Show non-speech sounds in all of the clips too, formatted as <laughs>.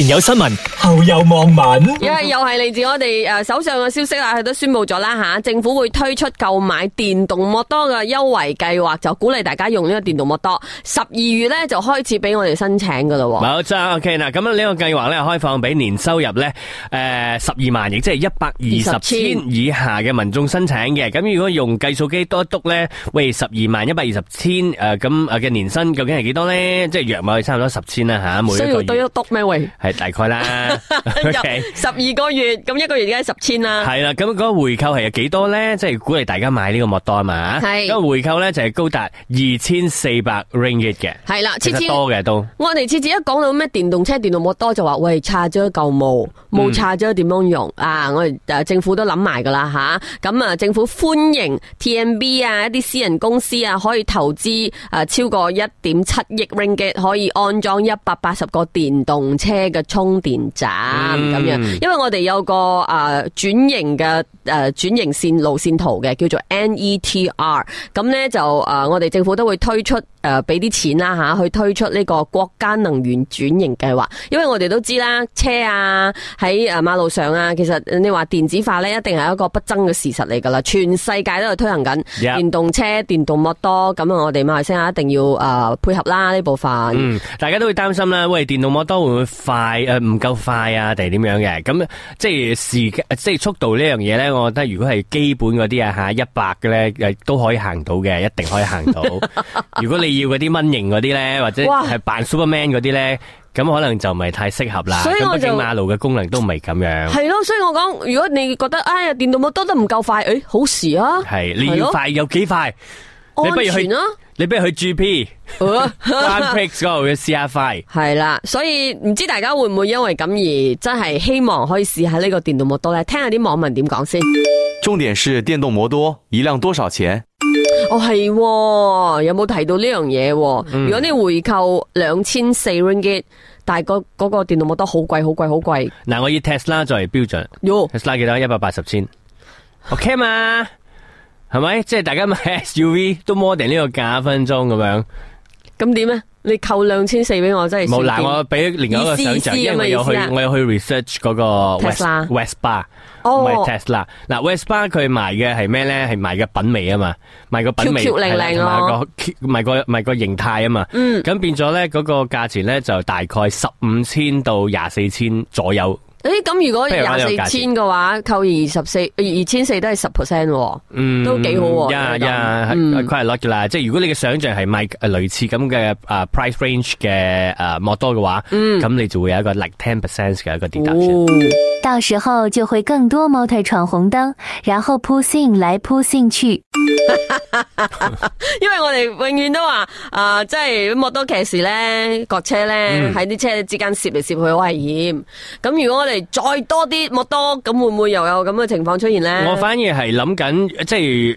前有新聞，後有網民。而家又係嚟自我哋誒手上嘅消息啦，佢都宣布咗啦吓，政府會推出購買電動摩托嘅優惠計劃，就鼓勵大家用呢個電動摩托。十二月咧就開始俾我哋申請噶啦。冇錯，OK 嗱，咁啊呢個計劃咧開放俾年收入咧誒十二萬，亦即係一百二十千以下嘅民眾申請嘅。咁如果用計數機多一篤咧，喂十二萬一百二十千誒咁誒嘅年薪究竟係幾多咧？即係約埋差唔多十千啦吓，每需要多一篤咩喂？大概啦，十二 <laughs> 個月咁 <laughs> 一個月而家十千啦，係啦，咁、那、嗰個回扣係有幾多咧？即、就、係、是、鼓勵大家買呢個摩多啊嘛，係的，個回扣咧就係高達二千四百 ringgit 嘅，係啦的，其實多嘅都。我哋次次一講到咩電動車、電動摩多，就話喂，差咗嚿冇？冇差咗點樣用、嗯、啊？我哋政府都諗埋噶啦吓，咁啊，啊，政府歡迎 TNB 啊，一啲私人公司啊，可以投資誒、啊、超過一點七億 ringgit，可以安裝一百八十個電動車嘅。個充電站咁樣，因為我哋有個誒轉、呃、型嘅誒轉型綫路綫圖嘅，叫做 N E T R，咁咧就誒、呃、我哋政府都會推出。誒，俾啲、呃、錢啦吓、啊，去推出呢個國家能源轉型計劃，因為我哋都知啦，車啊喺誒馬路上啊，其實你話電子化咧，一定係一個不爭嘅事實嚟噶啦，全世界都係推行緊電動車、Yeah. 電動摩托，咁啊，我哋馬華先啊，一定要誒、呃、配合啦呢部分、嗯。大家都會擔心啦，喂，電動摩托會唔會快誒？唔、呃、夠快啊，定係點樣嘅？咁即係時即係速度呢樣嘢咧？我覺得如果係基本嗰啲啊吓一百嘅咧都可以行到嘅，一定可以行到。 <laughs> 如果你要嗰啲蚊型嗰啲咧，或者係扮 Superman 嗰啲咧，咁哇可能就唔係太適合啦。咁正馬路嘅功能都唔係咁樣。係咯，所以我講，如果你覺得哎呀電動摩多得唔夠快，誒、欸，好事啊。係你要快有幾快？的你不如去啊，你不如去 GP。啊，單 plex 嗰度嘅 CFI 係啦，所以唔知大家會唔會因為咁而真係希望可以試下呢個電動摩多咧？聽下啲網民點講先。重點是電動摩多，一輛多少錢？哦係，有冇提到呢樣嘢？嗯、如果你回購兩千四 ringgit，但係嗰個電腦冇得好貴，好貴，好貴。嗱，我以 Tesla，作為標準。喲，Tesla 幾多？一百八十千，OK 嘛？係咪？ <laughs> 即係大家買 SUV 都摩定呢個價，分鐘咁樣。咁點呢？你扣兩千四俾我真係冇嗱，我俾另外一個想象，因為我有去，我有去 research 嗰個 Westbar 哦，Tesla 嗱，Westbar 佢賣嘅、oh、係咩咧？係賣嘅品味啊嘛，賣個品味係同埋個，賣個賣個，個，個形態啊嘛，嗯，咁變咗咧嗰個價錢咧就大概十五千到廿四千左右。誒，咁如果廿四千嘅話，扣二十四二千四都係十 percent，嗯，都幾好。呀呀，係 quite luck 噶啦，即係如果你嘅想象係賣類似咁嘅誒 price range 嘅誒摩多嘅話，咁你就會有一個 like ten percent 嘅一個跌 i 到時候就會更多摩托闖紅燈，然後撲 sing 來撲 sing 去。因為我哋永遠都話，誒，即係摩多騎士咧，割車咧，喺啲車之間攝嚟攝去好危險。咁如果再多啲，冇多，咁會唔會又有咁嘅情況出現呢？我反而係諗緊，即係誒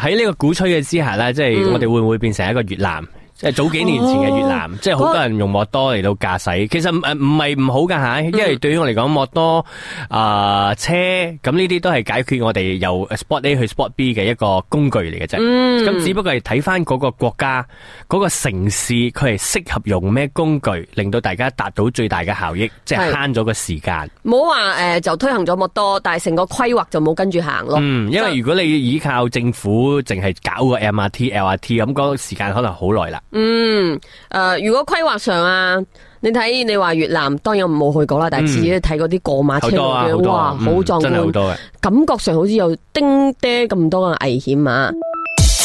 喺呢個鼓吹嘅之下呢，即係我哋會唔會變成一個越南？嗯誒，早幾年前嘅越南，哦、即係好多人用摩托嚟到駕駛，其實誒唔係唔好噶嚇，嗯、因為對於我嚟講，摩托啊車咁呢啲都係解決我哋由 Spot A 去 Spot B 嘅一個工具嚟嘅啫。咁、嗯、只不過係睇翻嗰個國家、嗰、嗰個城市，佢係適合用咩工具，令到大家達到最大嘅效益，是即係慳咗個時間。冇好話就推行咗摩托，但係成個規劃就冇跟住行咯、嗯。因為如果你依靠政府淨係搞個 MRT LRT 咁，嗰個時間可能好耐啦。嗯，誒、呃，如果規劃上啊，你睇你話越南，當然唔冇去過啦，嗯、但係自己睇嗰啲過馬車咁、啊、哇，好壯多、嗯、觀，真係好多嘅，感覺上好似有丁爹咁多嘅危險啊。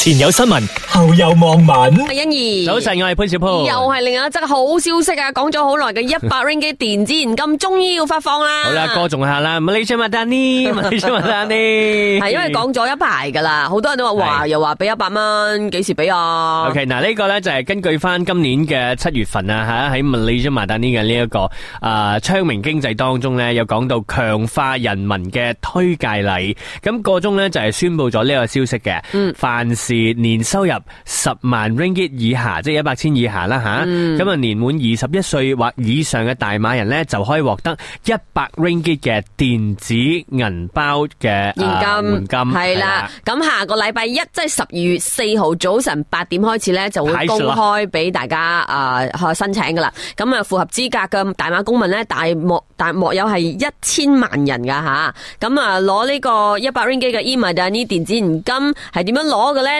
前有新聞，後有網民。係欣怡，早晨，我係潘小鋪。又係另一則好消息啊！講咗好耐嘅一百 ringgit 電子現金，終於要發放啦！好啦，歌頌下啦，Malaysia Madani，Malaysia Madani，係因為講咗一排噶啦，好多人都話，哇，又話俾一百蚊，幾時俾啊？OK，嗱，呢個咧就係根據翻今年嘅七月份啊，喺喺 Malaysia Madani 嘅呢一個誒昌明經濟當中咧，有講到強化人民嘅推介禮，咁個中咧就係宣布咗呢個消息嘅，凡。年收入十萬 Ringgit 以下，即係一百千以下啦吓。咁啊、嗯，年滿二十一歲或以上嘅大馬人咧，就可以獲得一百 Ringgit 嘅電子銀包嘅現金。呃、金係啦，咁的的下個禮拜一，即係十二月四號早晨八點開始咧，就會公開俾大家啊去、呃、申請噶啦。咁啊，符合資格嘅大馬公民咧，大莫大莫有係一千萬人噶吓。咁啊，攞呢個一百 Ringgit 嘅 eMadani 嘅呢電子現金係點樣攞嘅咧？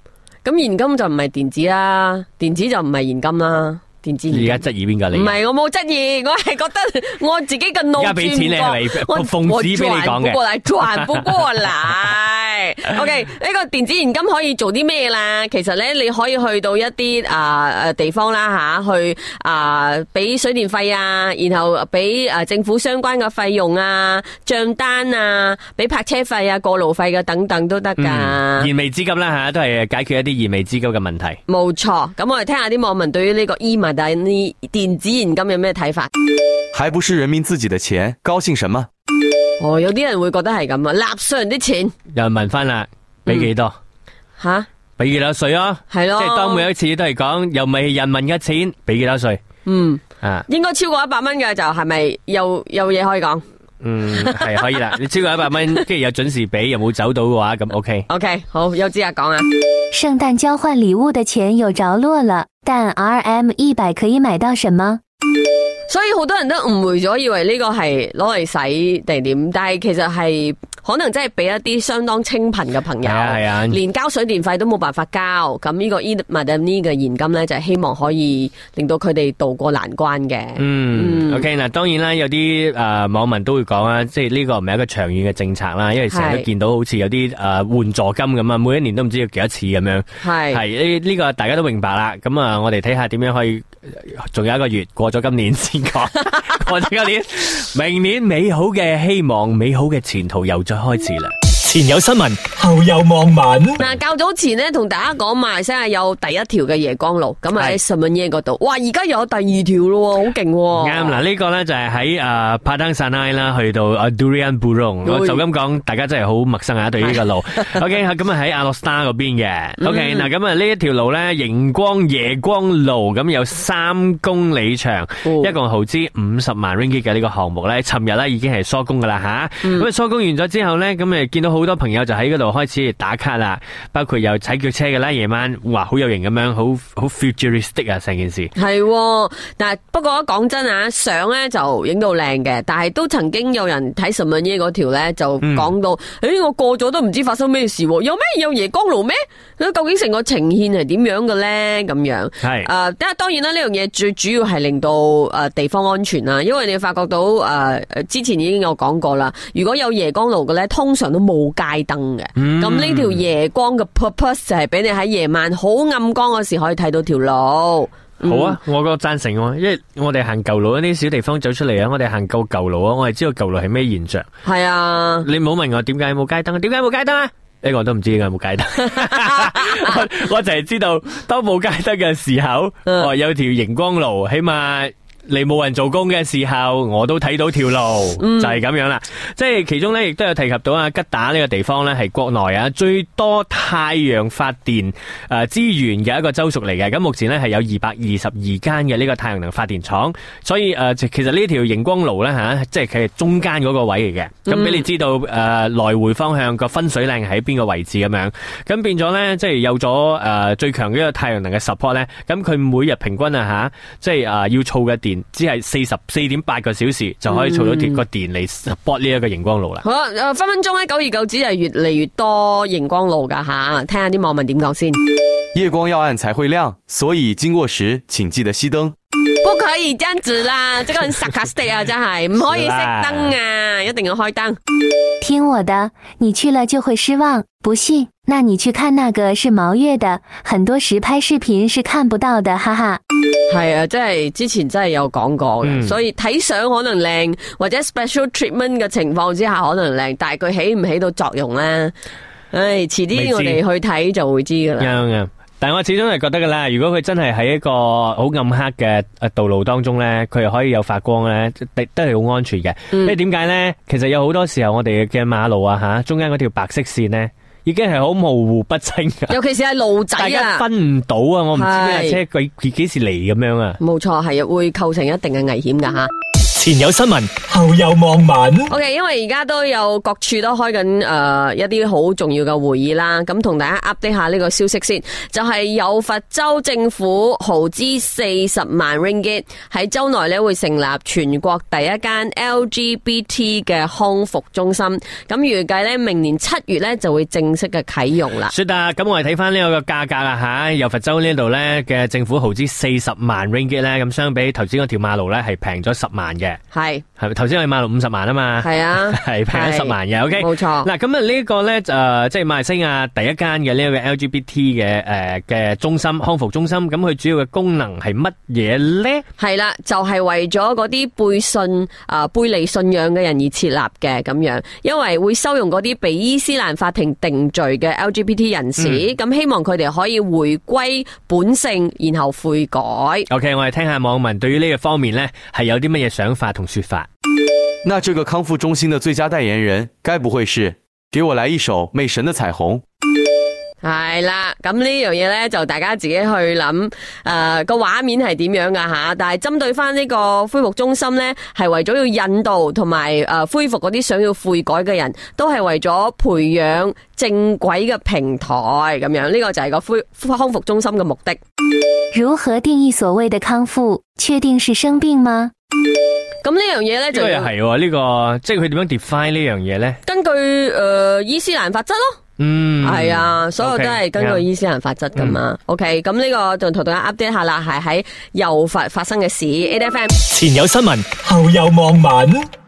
咁現金就唔係電子啦，電子就唔係現金啦，電子而家質疑邊個你？唔係我冇質疑，我係覺得我自己嘅腦轉唔過，我奉旨俾你講嘅。轉不過 O K，呢個電子現金可以做啲咩啦？其實咧，你可以去到一啲啊誒地方啦吓，去啊俾、呃、水電費啊，然後俾誒政府相關嘅費用啊、賬單啊、俾泊車費啊、過路費啊等等都得噶、嗯。燃眉資金啦吓，都係解決一啲燃眉資金嘅問題沒錯。冇錯，咁我哋聽一下啲網民對於呢個二維碼呢電子現金有咩睇法？還不是人民自己的錢，高興什麼？哦，有啲人會覺得係咁、嗯、啊，納稅人啲錢。又人問翻啦，俾幾多？吓，俾幾多稅啊？係咯，即係當每一次都係講，又唔係人民嘅錢，俾幾多稅？嗯啊，應該超過一百蚊嘅就係咪又有嘢可以講？嗯，係可以啦。你超過一百蚊，跟住又準時俾，又冇走到嘅話，咁 OK。OK，好，有資格講啊。聖誕交換禮物嘅錢有着落啦，但 RM 一百可以買到什麼？所以好多人都誤會咗，以為呢個係攞嚟洗定點，但係其實係。可能真係俾一啲相當清貧嘅朋友，係啊，連交水電費都冇辦法交。咁呢個 E-Money 嘅現金呢，就係希望可以令到佢哋渡過難關嘅。嗯，OK 嗱，當然啦，有啲誒網民都會講啦，即係呢個唔係一個長遠嘅政策啦，因為成日都見到好似有啲誒援助金咁啊，每一年都唔知要幾多次咁樣。係係呢呢個大家都明白啦。咁啊，我哋睇下點樣可以，仲有一個月過咗今年先講過咗年，明年美好嘅希望，美好嘅前途又。就開始了。前有新聞，後有網民。嗱，較早前咧同大家講埋，先係有第一條嘅夜光路，咁喺 Semenyih 嗰度。哇，而家有第二條咯，好勁！啱嗱，呢個咧就係喺誒 Padang Sanai 啦，去到啊 Durian Burong，就咁講，大家真係好陌生啊！對呢個路。O K，咁啊喺 Alor Setar 嗰邊嘅。O K，嗱，咁啊呢一條路咧，熒光夜光路，咁有三公里長，一共耗資五十萬 Ringgit 嘅呢個項目咧，尋日咧已經係疏工噶啦吓。咁疏工完咗之後咧，咁誒見到好。好多朋友就喺嗰度開始打卡啦，包括有踩腳車嘅啦，夜晚哇好有型咁樣好好 futuristic 啊成件事。係、哦，但係不過講真啊，相咧就影到靚嘅，但係都曾經有人睇新聞嘢嗰條咧，就講、嗯、到，誒、欸、我過咗都唔知道發生咩事、啊、有咩有夜光路咩？究竟成個呈現係點樣嘅咧？咁樣係啊是、呃，但係當然啦，呢樣嘢最主要係令到誒、呃、地方安全啊，因為你發覺到誒、呃、之前已經有講過啦，如果有夜光路嘅咧，通常都冇。街燈嘅，咁呢條夜光嘅 purpose 就係俾你喺夜晚好暗光嘅時候可以睇到條路。嗯、好啊,我個贊成啊，因為我哋行舊路呢啲、這個、小地方走出嚟啊，我哋行舊舊路啊，我哋知道舊路係咩現象。係啊，你唔好問我點解冇街燈啊？點解冇街燈啊？呢個我都唔知點解冇街燈，我我淨係知道當冇街燈嘅 <laughs> <laughs> 時候，嗯、我有條熒光路，起碼。嚟冇人做工嘅時候，我都睇到條路，嗯、就係咁樣啦。即係其中咧，亦都有提及到啊吉打呢個地方咧，係國內啊最多太陽發電誒資源嘅一個州屬嚟嘅。咁目前咧係有二百二十二間嘅呢個太陽能發電廠，所以誒其實呢條熒光路咧吓，即係佢中間嗰個位嚟嘅，咁俾你知道誒來回方向個分水嶺喺邊個位置咁樣，咁變咗咧即係有咗誒最強嘅一個太陽能嘅 support 咧，咁佢每日平均啊吓，即係誒要儲嘅電。只係四十四點八個小時就可以做到貼個電嚟，博呢一個熒光路啦。好啊，分分鐘咧，久而久之係越嚟越多熒光路噶吓，聽下啲網民點講先。夜光要暗才會亮，所以經過時請記得熄燈。不可以這樣子啦，這個很 suck a <laughs> stay 啊，真係唔可以熄燈啊，一定要開燈。聽我的，你去了就會失望。不信，那你去看那個是毛月的，很多實拍視頻是看不到的，哈 <laughs> 哈。係 <noise> 啊，真係之前真係有講過嘅，所以睇相可能靚，或者 special treatment 嘅情況之下可能靚，但係佢起唔起到作用咧，啊？唉，哎，遲啲我哋去睇就會知噶啦。嘅。嗯嗯但係我始終係覺得噶啦，如果佢真係喺一個好暗黑嘅誒道路當中咧，佢又可以有發光咧，都係好安全嘅。因、嗯、為點解咧？其實有好多時候我哋嘅馬路啊吓，中間嗰條白色線咧，已經係好模糊不清噶。尤其是係路仔啊，大家分唔到啊，我唔知呢架車佢幾時嚟，咁樣啊。沒錯。冇錯，係啊，會構成一定嘅危險噶吓。啊前有新聞，後有網民。O K，因為而家都有各處都開緊誒一啲好重要嘅會議啦，咁同大家 update 下呢個消息先。就係有佛州政府耗資四十萬 Ringgit 喺州內咧會成立全國第一間 LGBT 嘅康復中心，咁預計咧明年七月咧就會正式嘅啟用啦。說啊，咁我哋睇翻呢個嘅價格啦吓，有佛州呢度咧嘅政府耗資四十萬 Ringgit 咧，咁相比頭先嗰條馬路咧係平咗十萬嘅。係，係咪頭先我哋買咗五十萬啊嘛？係啊，係平咗十萬嘅。O K，冇錯。嗱，咁啊呢個咧，就誒即係馬來西亞第一間嘅呢個 L G B T 嘅誒嘅中心康復中心。咁佢主要嘅功能係乜嘢咧？係啦，就係為咗嗰啲背信啊背離信仰嘅人而設立嘅咁樣，因為會收容嗰啲被伊斯蘭法庭定罪嘅 L G B T 人士，咁希望佢哋可以回歸本性，然後悔改。O K，我哋聽下網民對於呢個方面咧係有啲乜嘢想。法同虛法。那這個康復中心的最佳代言人，該不會是？給我來一首《魅神的彩虹》。係啦，咁呢樣嘢呢，就大家自己去諗。誒、呃，個畫面係點樣噶吓？但係針對翻呢個恢復中心呢，係為咗要引導同埋誒恢復嗰啲想要悔改嘅人，都係為咗培養正軌嘅平台，咁樣呢、這個就係個恢康復中心嘅目的。如何定義所謂的康復？確定是生病嗎？咁呢樣嘢咧就，呢個係呢、哦這個，即係佢點樣 define 樣呢樣嘢咧？根據誒、呃、伊斯蘭法則咯，嗯，係啊，所有都係根據伊斯蘭法則噶嘛。嗯嗯、OK，咁呢個就同大家 update 下啦，係喺又發發生嘅事。a f m 前有新聞，後有網民。